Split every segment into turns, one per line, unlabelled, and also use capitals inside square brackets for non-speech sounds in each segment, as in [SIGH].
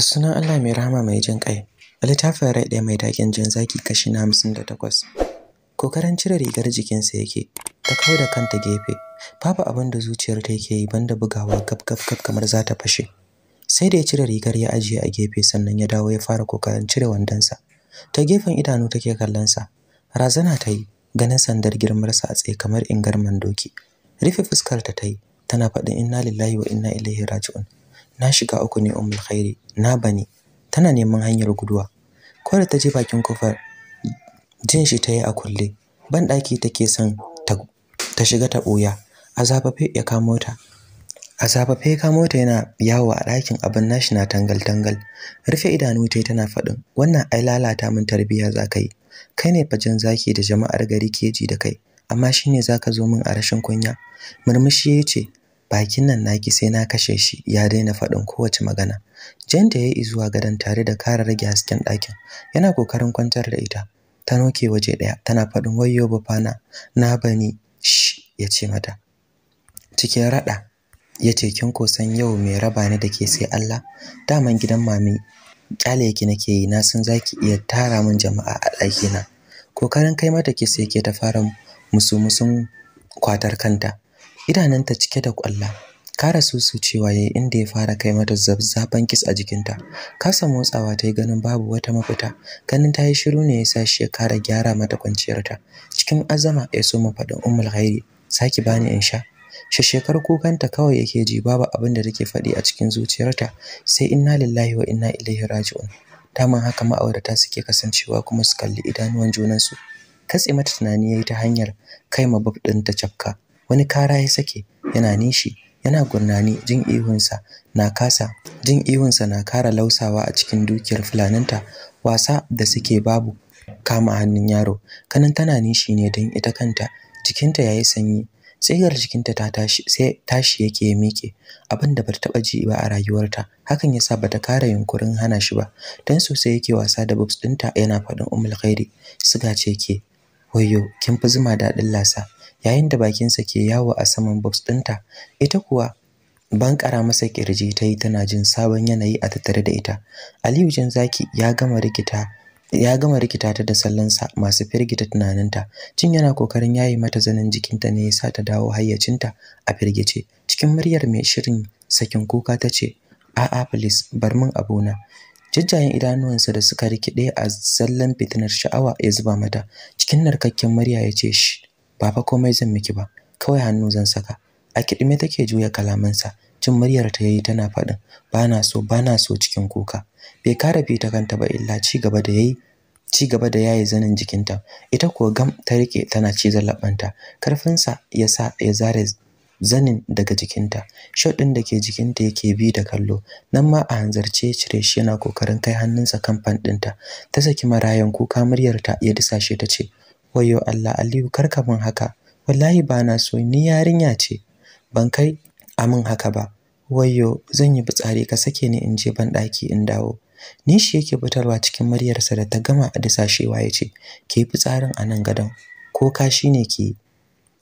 Da sunan Allah mai rahama mai jin ƙai, a littafin rai ɗaya mai taken jin zaki kashi na hamsin da takwas. Kokarin cire rigar jikinsa yake, ta kawo da kanta gefe, babu abin da zuciyar ta yake yi banda bugawa gab gab gab kamar za ta fashe. Sai da ya cire rigar ya ajiye a gefe sannan ya dawo ya fara kokarin cire wandonsa. Ta gefen idanu take kallon sa razana ta yi, ganin sandar girmarsa a tsaye kamar ingarman doki. Rufe fuskarta ta yi, tana faɗin inna lillahi wa inna ilaihi raji'un. na shiga uku ne umul khairi na bane tana neman hanyar guduwa ko da ta je bakin kofar jin shi ta yi a kulle ban daki take son ta shiga ta boya a ya kamo ta azabafe ya kamo ta yana yawo a ɗakin abin nashi na tangal-tangal rufe idanu tai tana faɗin wannan ai lalata mun tarbiyya za ka kai ne fajen zaki da jama'ar gari keji da kai amma shine zaka zo min a rashin kunya murmushi yace bakin nan naki sai na kashe shi ya daina faɗin kowace magana janta ya yi zuwa gadon tare da kara rage hasken ɗakin yana kokarin kwantar da ita ta noke waje ɗaya tana faɗin wayo bafana na bani shi ya ce mata cikin raɗa ya ce kin kosan yau mai raba ni da ke sai Allah daman gidan mami kyale yake nake yi na san zaki iya tara min jama'a a ɗakina kokarin kai mata ke sai ke ta fara musu musun kwatar kanta idanunta cike da kwalla kara su cewa yayi inda ya fara kai mata zabzaban kis a jikinta kasa motsawa ta yi ganin babu wata mafita ganin ta yi shiru ne ya sa shi ya kara gyara mata kwanciyarta cikin azama ya so faɗin ummul ghairi saki bani in sha shashekar kukanta kawai yake ji babu abin da take faɗi a cikin zuciyarta sai inna lillahi wa inna ilaihi raji'un daman haka ma'aurata suke kasancewa kuma su kalli idanuwan junansu katse mata tunani yayi ta hanyar kai mabab ɗin ta cafka wani kara ya sake yana nishi yana gurnani jin ihunsa na kasa jin ihunsa na kara lausawa a cikin dukiyar fulaninta wasa da suke babu kama hannun yaro kanan tana nishi ne don ita kanta jikinta ya yi sanyi tsigar jikinta ta tashi sai tashi yake ya miƙe abin da bata taɓa ji ba a rayuwarta hakan yasa bata kara yunkurin hana shi ba Don sosai yake wasa da bubs ɗinta yana faɗin umul khairi suga ce ke wayo kin fi zuma daɗin lasa yayin da bakinsa ke yawo a saman box ɗinta ita kuwa bankara masa kirji ta yi tana jin sabon yanayi a tattare da ita aliyu jin zaki ya gama rikita ya gama rikita ta da sallansa masu firgita tunaninta cin yana kokarin yayi mata zanin jikinta ne ya sa ta dawo hayyacinta a firgice cikin muryar mai shirin sakin kuka ta ce a'a please bar min abona jajjayen idanuwansa da suka rikide a zallan fitinar sha'awa ya zuba mata cikin narkakken murya ya ce shi ba fa komai zan miki ba kawai hannu zan saka a kidime take juya kalamansa jin muryar ta yayi tana faɗin bana so bana so cikin kuka bai kara bi ta kanta ba illa ci gaba da yayi ci gaba da yayi zanin jikinta ita kuwa gam ta rike tana cizon laɓanta. karfinsa ya sa ya zare zanin daga jikinta shot din da ke jikinta yake bi da kallo nan ma a hanzarce cire shi yana kokarin kai hannunsa kan fan ɗinta ta saki marayan kuka muryarta ya disashe ta ce wayo Allah Aliyu kar ka min haka wallahi ba na so ni yarinya ce ban kai amin haka ba Wayo zan yi fitsari ka sake ni in je ban daki in dawo ni shi yake fitarwa cikin muryarsa da ta gama da sashewa ya ce ke fitsarin a nan gadon ko ka shi ne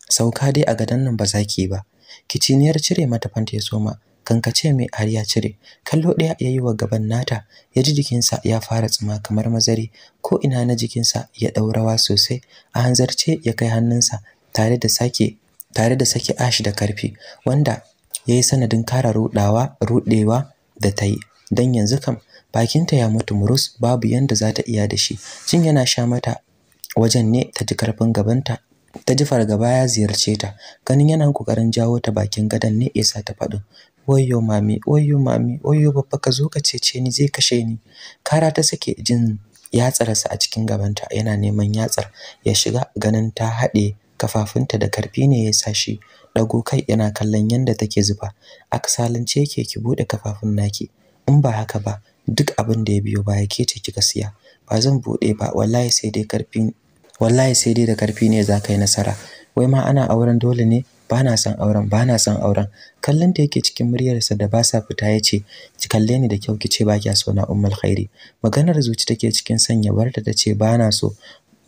sauka dai a gadon nan ba za ki ba kiciniyar cire mata fanta ya soma kankace mai ariya cire kallo ɗaya ya yi wa gaban nata ya ji jikinsa ya fara tsima kamar mazari ko ina na jikinsa ya ɗau sosai a hanzarce ya kai hannunsa tare da sake tare da sake ash da karfi wanda ya yi sanadin kara rudawa rudewa da ta yi don yanzu kam bakinta ya mutu murus babu yanda za ta iya da shi cin yana sha mata wajen ne ta ji karfin gabanta ta ji fargaba ya ziyarce ta ganin yana kokarin jawo ta bakin gadon ne yasa ta faɗin oyo mami oyo mami oyo babba ka zo ka cece ni zai kashe ni kara ta sake jin yatsarsa a cikin gabanta yana neman yatsar ya shiga ganin ta haɗe kafafunta da karfi ne ya sa shi dago kai yana kallon yanda take zuba aksalince yake ki bude kafafun naki in ba haka ba duk abin da ya biyo baya ke ce kika siya ba zan bude ba wallahi sai dai karfi wallahi sai dai da karfi ne za ka yi nasara wai ma ana auren dole ne bana son auren bana son auren kallon da yake cikin muryarsa da ba sa fita ya ce ki kalle ni da kyau ki ce ba kya so na ummul khairi maganar zuci take cikin sanya barta ta ce bana so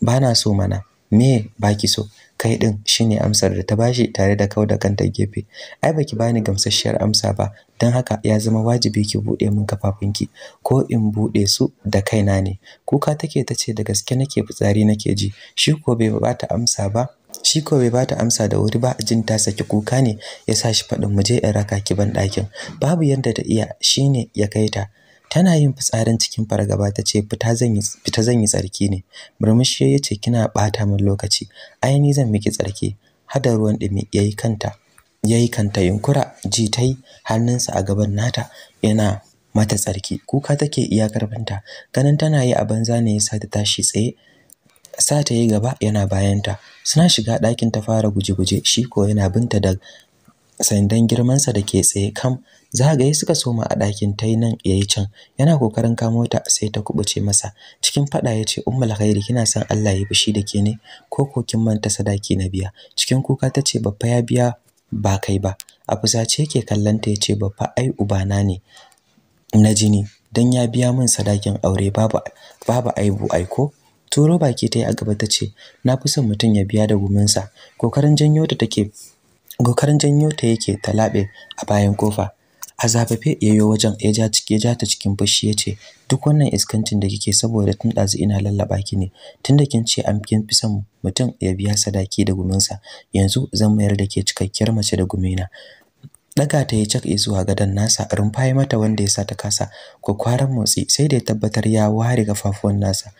bana so mana me baki so kai din shine amsar da ta bashi tare da kauda kanta gefe ai baki bani gamsashiyar amsa ba dan haka ya zama wajibi ki bude min kafafunki ko in bude su da kaina ne kuka take ce da gaske nake fitsari nake ji shi ko bai bata amsa ba shi ko bai bata amsa da wuri ba jin ta saki kuka ne ya sa shi faɗin mu je in raka ki ban ɗakin babu yadda ta iya Shi ne ya kai ta tana yin fitsarin cikin fargaba ta ce fita zan yi tsarki ne murmushi ya ce kina bata min lokaci ai zan miki tsarki hada ruwan dumi yayi kanta yayi kanta yunkura ji tai hannunsa a gaban nata yana mata tsarki kuka take iyakar banta ganin tana yi a banza ne yasa ta tashi tsaye sa ta yi gaba yana bayanta suna shiga ɗakin ta fara guje-guje shi ko yana binta da sandan girmansa da ke tsaye kam zagaye suka soma a ɗakin ta yi nan ya yi can yana kokarin kamo ta sai ta kubuce masa cikin faɗa ya ce ummul khairi kina son Allah ya bishi da ke ne ko ko kin manta sadaki na biya cikin kuka ta ce babba ya biya ba kai ba a fusace yake kallon ta ya ce babba ai ubana ne na jini dan ya biya min sadakin aure babu babu aibu aiko turo baki ta yi a gaba ta ce na fi son mutum ya biya da guminsa kokarin janyo ta take kokarin janyo ta yake ta a bayan kofa a zafafe wajen ya ja ciki ya ja ta cikin fushi ya ce duk wannan iskancin da kike saboda tun ɗazu ina lallaba ki ne tunda kin ce an fi son mutum ya biya sadaki da guminsa yanzu zan mayar da ke cikakkiyar mace da gumina daga ta ya cak zuwa gadon nasa rumfaye mata wanda ya sa ta kasa kwakwaran motsi sai da ya tabbatar ya ware kafafuwan nasa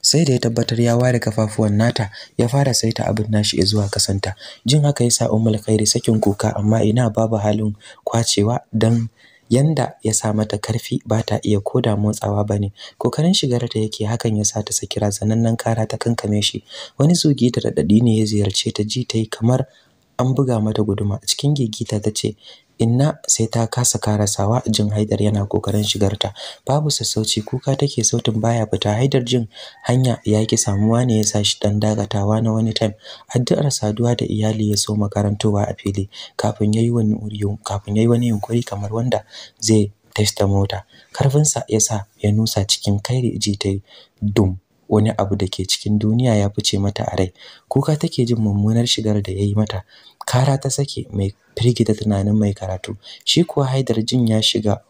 sai da ya tabbatar ya ware kafafuwan nata ya fara saita abin nashi zuwa kasanta jin haka yasa ummul khairi sakin kuka amma ina babu halin kwacewa dan yanda ya sa mata karfi ba ta iya koda motsawa bane kokarin shigar ta yake hakan ya sa ta saki razanannen kara ta kankame shi wani zugi da radadi ne ya ziyarce ta ji tai kamar an buga mata guduma cikin gigita ta ce inna sai ta kasa karasawa jin haidar yana kokarin shigarta babu sassauci kuka take sautin baya fita haidar jin hanya ya ki samuwa ne ya sa shi dan dagatawa na wani time addu'ar saduwa da iyali ya so makarantowa a fili kafin yayi wani kafin yayi wani yunkuri kamar wanda zai testa mota karfinsa ya sa ya nusa cikin kairi ji ta dum wani abu da ke cikin duniya ya fice mata a rai kuka take jin mummunar shigar da yayi mata kara ta sake mai firgita tunanin mai karatu shi kuwa haidar jin ya shiga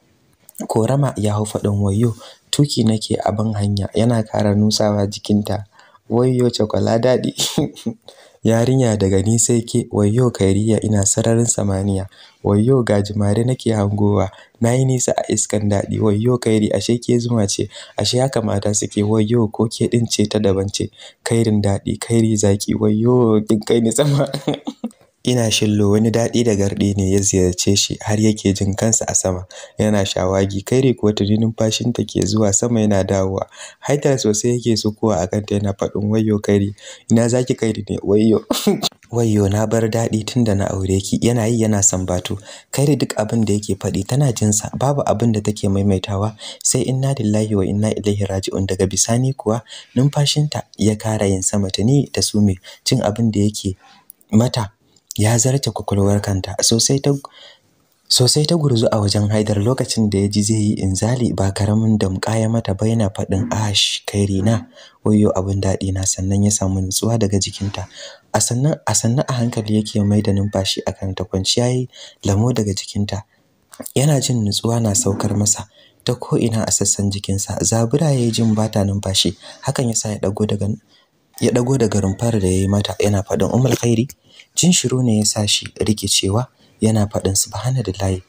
korama ya hau faɗin wayo tuki nake a ban hanya yana kara nusawa jikinta wayo cakwala daɗi [LAUGHS] Yarinya daga ni sai ke, kairiya ina sararin samaniya, wayo, gajimare nake hangowa, na yi nisa a iskan daɗi, wayo, kairi ashe ke zuma ce, ashe haka mata suke, wayo, ko ke ɗin ce ta daban ce, kairin daɗi, kairi zaki, wayo, kin kai ni sama. [LAUGHS] ina shillo wani daɗi da garɗi ne ya ziyarce shi har yake jin kansa a sama yana shawagi kairi kuwa tuni numfashinta ke zuwa sama yana dawowa haidar sosai yake kowa a kanta yana faɗin wayyo kari, ina zaki kairi ne wayyo [LAUGHS] wayyo na bar daɗi tun da na aure ki yana yi yana sambato kairi duk abin da yake faɗi tana jinsa babu abin da take maimaitawa sai inna lillahi wa inna ilaihi raji'un daga bisani kuwa numfashinta ya kara yin sama tuni da sume cin abin da yake mata ya zarce kwakwalwar kanta sosai ta sosai ta gurzu a wajen haidar lokacin da ya ji zai yi inzali ba karamin muka ya mata baina faɗin ash kai rina wayo abin daɗi na sannan ya samu nutsuwa daga jikinta a sannan a sannan a hankali yake mai da numfashi a kanta kwanciya yi lamo daga jikinta yana jin nutsuwa na saukar masa ta ko ina a sassan jikinsa zabura ya yi jin bata numfashi hakan yasa ya ɗago daga ya dago daga rumfar da ya yi mata yana faɗin umar khairi jin shiru ne ya sa shi rikicewa yana faɗin subhanallahi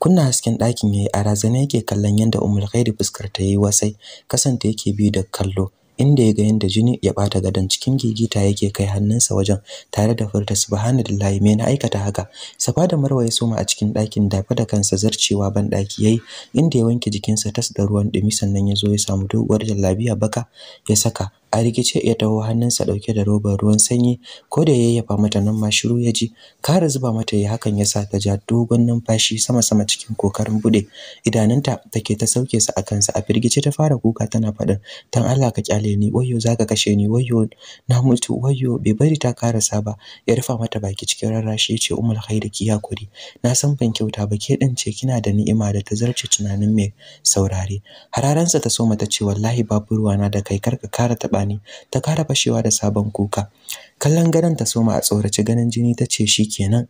kunna hasken ɗakin yayi a razana yake kallon yadda umar khairi fuskar ta yayi wasai kasanta yake bi da kallo inda ya ga yadda jini ya ɓata gadon cikin gigita yake kai hannunsa wajen tare da furta subhanallahi me na aikata haka safa da marwa ya soma a cikin ɗakin dafa da kansa zarcewa ban ɗaki yayi inda ya wanke jikinsa tas da ruwan dumi sannan ya zo ya samu doguwar jallabiya baka ya saka a rikice ya taho hannunsa ɗauke da robar ruwan sanyi ko da yayyafa mata nan ma shiru ya ji kara zuba mata ya hakan ya sa ta ja dogon numfashi sama sama cikin kokarin bude idanunta take ta sauke su akan sa a firgice ta fara kuka tana faɗin Tan Allah ka kyale ni wayyo zaka kashe ni wayyo na mutu wayyo bai bari ta karasa ba ya rufa mata baki cikin rarrashi ya ce umul khairi ki hakuri na san ban kyauta ba ke din ce kina da ni'ima da ta zarce tunanin mai saurare hararansa ta so mata ce wallahi babu ruwana da kai karka kara taɓa taɓa ta kara fashewa da sabon kuka kallon gadon ta soma a tsorace ganin jini ta ce kenan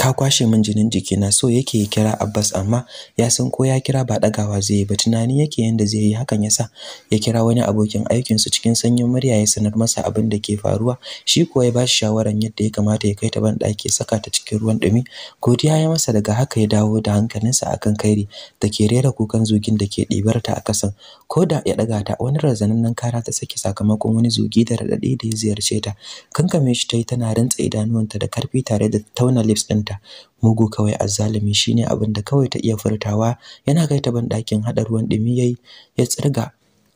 ka kwashe min jinin jikina so yake ya kira Abbas amma ya san ko ya kira ba dagawa zai yi ba tunani yake yanda zai yi hakan yasa ya kira wani abokin aikin su cikin sanyin murya ya sanar masa abin da ke faruwa shi kuwa ya bashi shawaran yadda ya kamata ya kai ta ban daki saka ta cikin ruwan dumi godiya ya masa daga haka ya dawo da hankalinsa akan kairi da ke rera kukan zugin da ke ɗibar ta a kasan ko da ya daga ta wani razanannen kara ta saki sakamakon wani zugi da raɗaɗi da ya ziyarce ta kankame shi ta yi tana rantsa idanuwanta da karfi tare da tauna lips ɗinta mugu kawai azzalumi shine abin da kawai ta iya furtawa yana kai ta banɗakin haɗa ruwan ɗumi yayi ya tsirga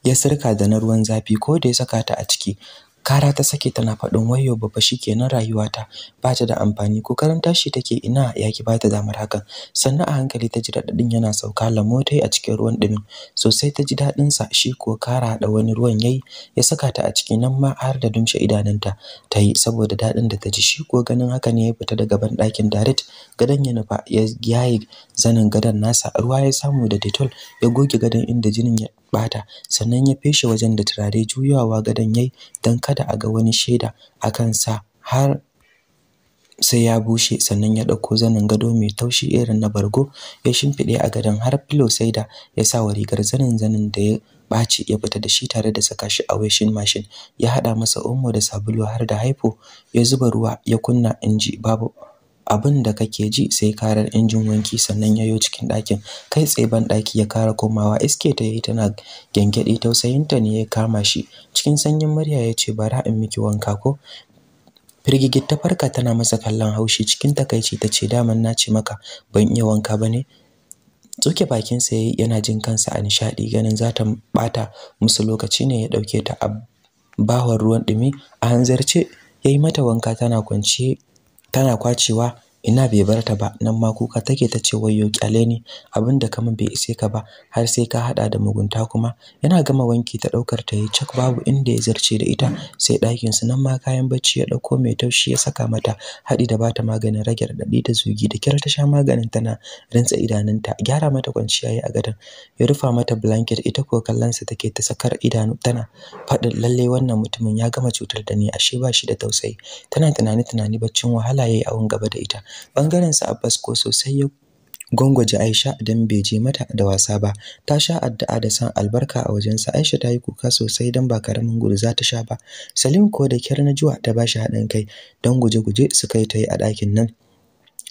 ya sirka da na ruwan zafi ko da ya saka ta a ciki Kara ta sake tana faɗin wayo babba shikenan rayuwata ba ta da amfani ko karanta tashi take ina ya ki bata damar hakan sannan a hankali ta ji daɗin yana sauka lamotai a cikin ruwan ɗumin sosai ta ji daɗin sa shi ko kara da wani ruwan yayi ya saka ta a ciki nan ma har da dumshe idanunta ta yi saboda daɗin da ta ji shi ko ganin haka ne ya fita daga ban ɗakin Darit gadon ya nufa ya yaye zanin gadon nasa ruwa ya samu da detol ya goge gadon inda jinin ya bata sannan ya feshe wajen da turare juyawa gadon yayi don kada a ga wani shaida akan sa har sai ya bushe sannan ya ɗauko zanin gado mai taushi irin na bargo ya shimfiɗe a gadon har filo sai da ya sa wa rigar zanin zanin da ya ɓaci ya fita da shi tare da saka shi a washin mashin ya haɗa masa omo da sabulu har da haifo ya zuba ruwa ya kunna inji babu abin da kake ji sai karar injin wanki sannan yayo cikin ɗakin kai tsaye ban ɗaki ya kara komawa iske ta yi tana gyangyaɗe tausayinta ne ya kama shi cikin sanyin murya ya ce bara in miki wanka ko firgigit ta farka tana masa kallon haushi cikin takaici ta ce daman na ce maka ban iya wanka ba ne tsoke bakinsa ya yana jin kansa a nishaɗi ganin za ta ɓata musu lokaci ne ya ɗauke ta a bahon ruwan ɗumi a hanzarce ya yi mata wanka tana kwance 他那块去哇？ina bai bar ta ba nan ma kuka take ta ce wayo kyale ni abinda ka bai ise ka ba har sai ka hada da mugunta kuma yana gama wanki ta daukar ta yi cak babu inda ya zarce da ita sai ɗakin su nan ma kayan bacci ya dauko mai taushi ya saka mata hadi da bata maganin rage radadi da zugi da kyar ta sha maganin tana rantsa idanunta gyara mata kwanciya yayi a gadon ya rufa mata blanket ita ko sa take ta sakar idanu tana faɗin lalle wannan mutumin ya gama cutar da ni ashe ba shi da tausayi tana tunani tunani baccin wahala yayi awon gaba da ita Bangaren sa Abbas ko sosai ya gwangwaje Aisha dan bai je mata da wasa ba. Ta sha addu'a da san albarka a wajensa. Aisha ta yi kuka sosai dan ba karamin gudu za ta sha ba. Salim ko da kyar najuwa ta shi haɗin kai don guje-guje su kai ta yi a ɗakin nan.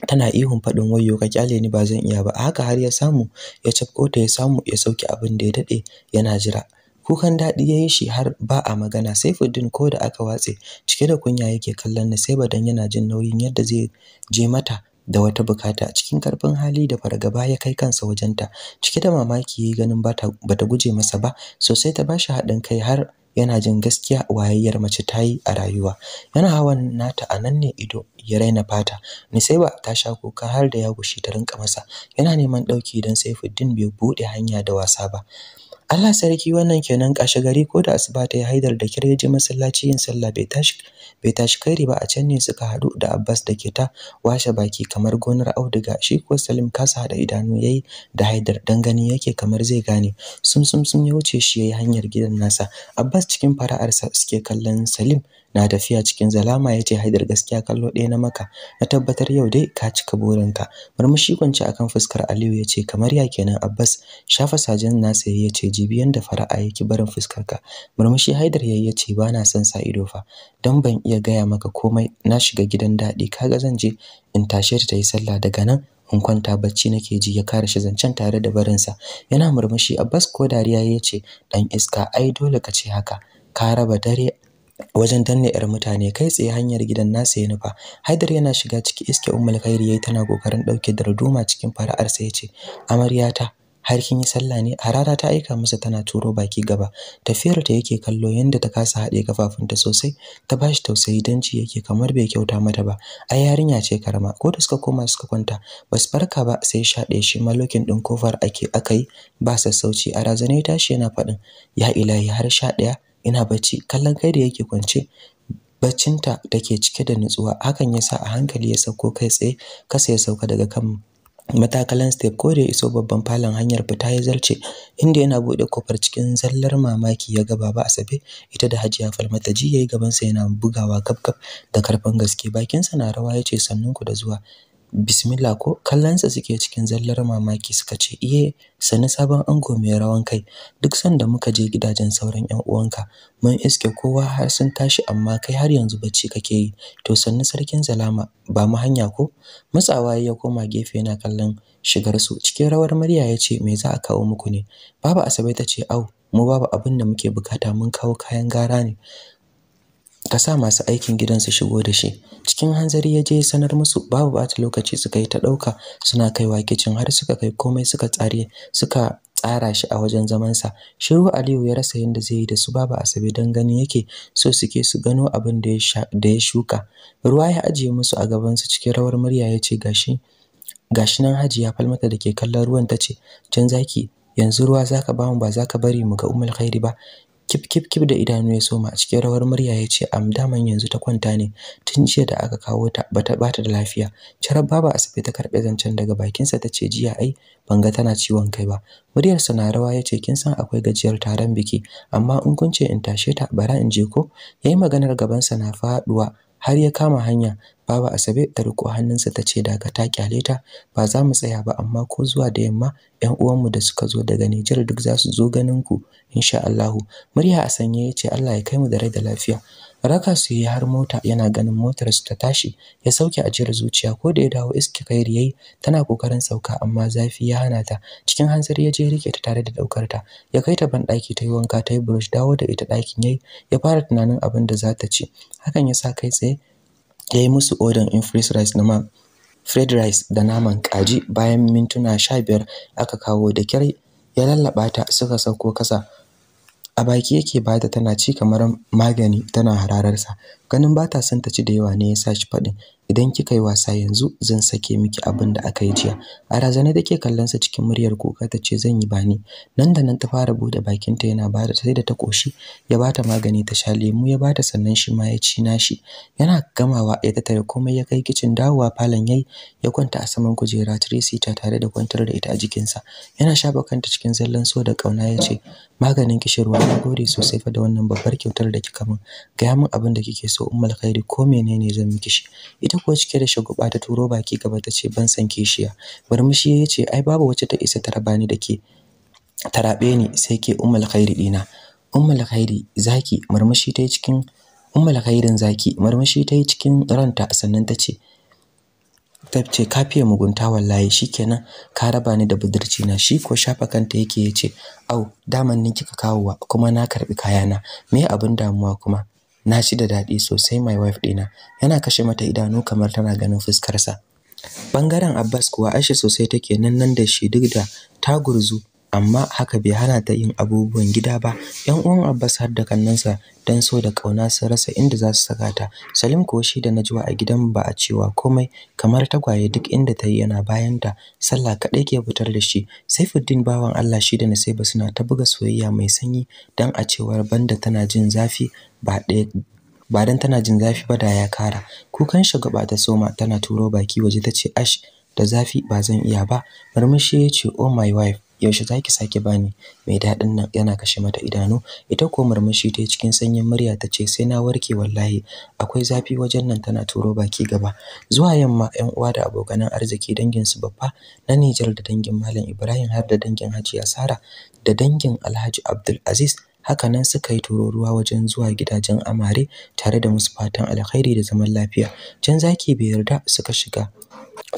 tana ihun faɗin wayo, ka kyale ni ba zan iya ba a haka har ya samu ya cafko ta ya samu ya sauke abin da ya dade yana jira kukan daɗi ya yi shi har ba a magana saifuddin ko da aka watse cike da kunya yake kallon sai don yana jin nauyin yadda zai je mata da wata bukata cikin karfin hali da fargaba ya kai kansa wajenta cike da mamaki yayi ganin bata bata guje masa ba sosai ta bashi haɗin kai har yana jin gaskiya wayayyar mace ta yi a rayuwa yana hawan nata a nan ne ido ya raina fata Niseba ta sha kuka har da ya gushi ta rinka masa yana neman ɗauki don saifuddin bai buɗe hanya da wasa ba Allah sarki wannan kenan kashe gari ko da asuba ta yi haidar da kirji masallaci yin sallah bai tashi bai tashi kairi ba a can ne suka haɗu da Abbas da ke ta washe baki kamar gonar auduga shi ko Salim kasa da idanu yayi da haidar dan gani yake kamar zai gane sum sum sum ya wuce shi yayi hanyar gidan nasa Abbas cikin fara'arsa suke kallon Salim na tafiya cikin zalama yace haidar gaskiya kallo ɗaya na maka na tabbatar yau dai ka cika burinka murmushi kwance akan fuskar aliyu ya ce kamar ya kenan abbas shafa sajin nasa ya ce jibiyan da fara'a yake barin fuskar ka. murmushi haidar yayi yace ba na son sa ido fa don ban iya gaya maka komai na shiga gidan daɗi kaga zan je in tashi ta yi sallah daga nan in kwanta bacci nake ji ya kare shi zancen tare da barinsa yana murmushi abbas ko dariya yace ce dan iska ai dole ka ce haka ka raba dare wajen danne yar mutane kai tsaye hanyar gidan nasa ya nufa haidar yana shiga ciki iske ummul khairi yayi tana kokarin dauke darduma cikin fara'ar sai yace amaryata har kin yi sallah ne harara ta aika masa tana turo baki gaba tafiyar ta yake kallo yanda ta kasa hade kafafunta sosai ta bashi tausayi dan ji yake kamar bai kyauta mata ba ai yarinya ce karama ko da suka koma suka kwanta basu farka ba sai sha ɗaya shi malokin din kofar ake akai ba sassauci a razane tashi yana faɗin ya ilahi har sha ɗaya ina bacci kallon kai da yake kwance baccinta da ke cike da nutsuwa hakan ya sa a hankali ya sauko kai tsaye kasa ya sauka daga kan matakalan step ko da ya iso babban falon hanyar fita ya zarce inda yana buɗe kofar cikin zallar mamaki ya ga baba asabe ita da hajiya falmata ji yayi gabansa yana bugawa gabgab da karfin gaske bakinsa na rawa ya ce sannunku da zuwa bismillah ko kallonsa suke cikin zallar mamaki suka ce iye sani sabon ango mai rawan kai duk sanda muka je gidajen sauran yan uwanka mun iske kowa har sun tashi amma kai har yanzu bacci kake yi to sannu sarkin zalama ba mu hanya ko matsawa ya koma gefe yana kallon shigar su cikin rawar murya ya ce me za a kawo muku ne baba asabe ta ce au mu babu abin da muke bukata mun kawo kayan gara ne ka sa masu aikin gidan su shigo da shi cikin hanzari ya je sanar musu babu bata lokaci suka yi ta ɗauka suna kaiwa kicin har suka kai komai suka tsare suka tsara shi a wajen zamansa shiru aliyu ya rasa yadda zai yi da su babu asabe don gani yake so suke su gano abin da ya shuka ruwa ya ajiye musu a gaban su cikin rawar murya ya ce gashi gashi nan hajiya falmata da ke kallon ruwan ta ce can zaki yanzu ruwa zaka bamu ba zaka bari mu ga umul khairi ba kif kif kif da idanu ya soma a cikin rawar murya ya ce am daman yanzu ta kwanta ne tun jiya da aka kawo ta bata bata da lafiya charar baba asabe ta karbe zancen daga bakinsa ta ce jiya ai ban ga tana ciwon kai ba muryarsa na rawa ya ce kin san akwai gajiyar taron biki amma in kun ce in tashe ta bara in je ko yayi maganar gaban sa na faduwa har ya kama hanya baba asabe ta riko hannunsa ta ce ta kyale ta ba za mu tsaya ba amma ko zuwa da yamma ƴan uwanmu da suka zo daga Nijar duk za su zo ganin ku insha Allah murya a sanye ya ce Allah ya kai mu da rai da lafiya raka su yi har mota yana ganin motar su ta tashi ya sauke a ajiyar zuciya ko da ya dawo iske kai yayi tana kokarin sauka amma zafi ya hana ta cikin hanzari ya je rike ta tare da daukar ta ya kai ta ban daki ta yi wanka ta yi brush dawo da ita dakin yayi ya fara tunanin abin da za ta ci hakan ya sa kai tsaye ya yi musu odan in freeze rice na fried rice da naman kaji bayan mintuna sha biyar, aka kawo da kyar ya lallaba ta suka sauko kasa a baki yake bata tana ci kamar magani tana hararsa ganin bata son ta ci da yawa ne ya sa shi faɗin idan kika yi wasa yanzu zan sake miki abin da aka yi jiya a razane take kallon sa cikin muryar kuka ta ce zan yi bani nan da nan ta fara bude bakinta yana bada sai da ta koshi ya bata magani ta sha lemu ya bata sannan shi ma ya ci nashi yana gamawa ya tattare komai ya kai kicin dawowa falon yayi ya kwanta a saman kujera Tracy tare da kwantar da ita a jikinsa yana shafa kanta cikin zallan so da kauna ya ce maganin kishirwa na gode sosai fa da wannan babbar kyautar da kika min gaya min abin da kike so ummul khairi ko menene zan miki shi ita kuwa cike da shaguba ta turo baki gaba ta ce ban san kishiya barmishi ya ce ai babu wacce ta isa ta raba ni da ke tarabe ni sai ke ummul khairi dina ummul khairi zaki murmushi ta cikin ummul khairin zaki murmushi ta yi cikin ranta sannan ta ce tabce ce ka fiye mugunta wallahi shikenan ka raba ni da budurci na shi ko shafa kanta yake yace au daman ni kika kawowa kuma na karbi kayana me abin damuwa kuma na shi da dadi sosai my wife ɗina yana kashe mata idanu kamar tana ganin fuskarsa bangaren abbas kuwa ashe sosai take nan nan da shi duk da ta gurzu amma haka bai hana ta yin abubuwan gida ba 'Yan uwan Abbas har da kannansa dan so da kauna sun rasa inda za su saka ta Salim ko shi da Najwa a gidan ba a cewa komai kamar tagwaye duk inda ta yi yana bayan ta sallah kaɗai ke fitar da shi Saifuddin bawan Allah shi da Nasiba suna ta buga soyayya mai sanyi dan a cewar banda tana jin zafi ba ɗaya ba dan tana jin zafi ba da ya kara kukan shiga ba ta soma tana turo baki waje ta ce ash da zafi ba zan iya ba murmushi ya ce oh my wife yaushe zaki sake bani mai daɗin nan yana kashe mata idanu ita ko murmushi ta cikin sanyin murya ta ce sai na warke wallahi akwai zafi wajen nan tana turo baki gaba zuwa yamma 'yan uwa da abokanan arziki dangin su babba na Nijar da dangin Malam Ibrahim har da dangin Hajiya Sara da dangin Alhaji Abdul Aziz haka nan suka yi tururuwa wajen zuwa gidajen amare tare da musu fatan alkhairi da zaman lafiya can zaki bai yarda suka shiga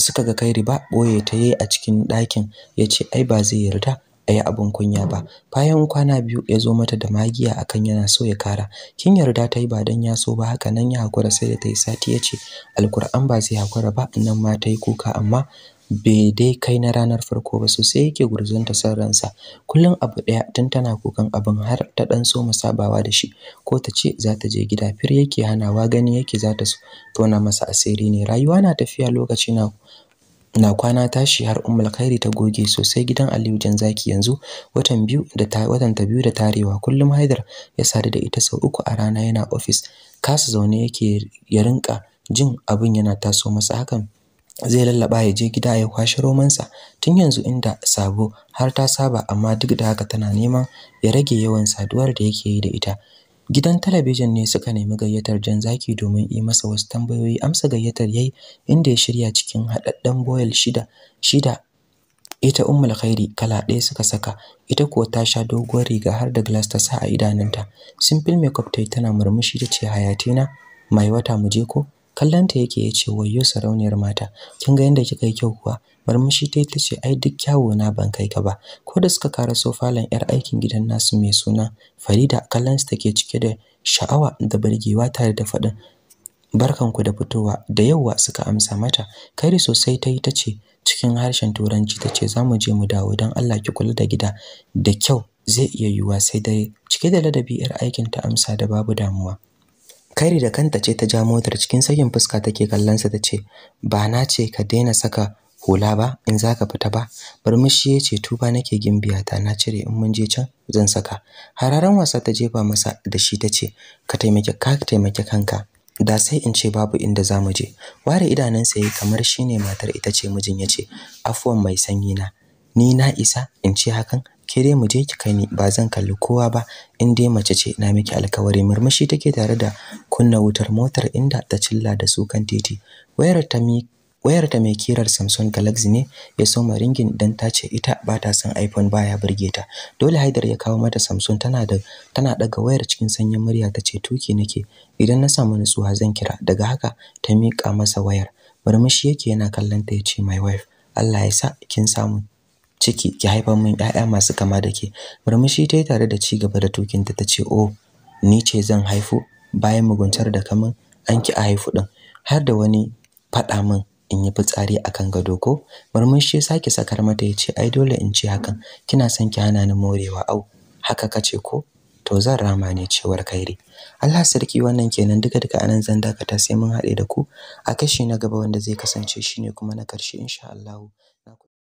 suka ga kai riba ɓoye ta yi a cikin ɗakin ya ce ai ba zai yarda a yi abin kunya ba bayan kwana biyu ya zo mata da magiya a kan yana so ya kara kin yarda ta yi ba don ya so ba haka nan ya haƙura, sai da ta yi sati ya ce alkur'an ba zai haƙura ba nan ma ta yi kuka amma bai dai kai na ranar farko ba sosai yake gurzonta san ransa kullum abu ɗaya tun tana kokan abin har ta ɗan so musabawa da shi ko ta ce za ta je gida fir yake hanawa gani yake za ta tona masa asiri ne rayuwa na tafiya lokaci na na kwana tashi har ummul khairi ta goge sosai gidan Aliyu jan zaki yanzu watan biyu da ta watan ta biyu da tarewa kullum Haidar ya sadu da ita sau uku a rana yana ofis kasa zaune yake ya rinka jin abin yana taso masa hakan zai lallaba ya je gida ya kwashi romansa tun yanzu inda sabo har ta saba amma duk da haka tana neman ya rage yawan saduwar da yake yi da ita gidan talabijin ne suka nemi gayyatar jan zaki domin yi masa wasu tambayoyi amsa gayyatar yayi inda ya shirya cikin haɗaɗɗen boil shida shida ita ummul khairi kala ɗaya suka saka ita kuwa ta sha doguwar riga har da glass ta sa a idanunta simple makeup tai tana murmushi ta ce hayatina mai wata mu je ko kallanta yake ya ce wayyo sarauniyar mata kin ga yadda kika yi kyau kuwa marmushi ta ta ce ai duk kyawu na ban kai ka ba ko da suka kara falon yar aikin gidan nasu mai suna Farida kallansu take cike da sha'awa da burgewa tare da faɗin barkanku da fitowa da yawa suka amsa mata kairi sosai ta yi ta ce cikin harshen turanci ta ce za mu je mu dawo don Allah ki kula da gida da kyau zai iya yiwuwa sai dai cike da ladabi yar aikin ta amsa da babu damuwa Kairi da kanta ce ta ja motar cikin sakin fuska take kallon sa tace ba na ce ka daina saka hula ba in za ka fita ba mushi ya ce tuba nake gimbiya ta na cire in mun je can zan saka hararan wasa ta jefa masa da shi tace ka taimake ka taimake kanka da sai in ce babu inda za mu je ware idanunsa yayi kamar shi ne matar ita ce mijin yace afwan mai sanyi na ni na isa in ce hakan ke dai mu je ki kai ni ba zan kalli kowa ba in dai mace ce na miki alkawari murmushi take tare da kunna wutar motar inda ta cilla da su kan titi wayar ta mi wayar ta mai kirar Samsung Galaxy ne ya soma ringin dan ta ce ita ba ta son iPhone baya burge ta dole Haidar ya kawo mata Samsung tana da tana daga wayar cikin sanyin murya ta ce tuki nake idan na samu nutsuwa zan kira daga haka ta miƙa masa wayar murmushi yake yana kallon ta ya ce my wife Allah ya sa kin samu ciki ki haifar min ƴaƴa masu kama da ke murmushi ta tare da ci gaba da tukinta ta ce oh ni ce zan haifu bayan muguntar da kaman an ki a haifu din har da wani faɗa min in yi fitsari kan gado ko murmushi ya sake sakar mata ya ce ai dole in ci hakan kina son ki hana ni morewa au haka kace ko to zan rama ne cewar kairi Allah sarki wannan kenan duka duka anan zan dakata sai mun haɗe da ku a kashi na gaba wanda zai kasance shine kuma na karshe insha Allah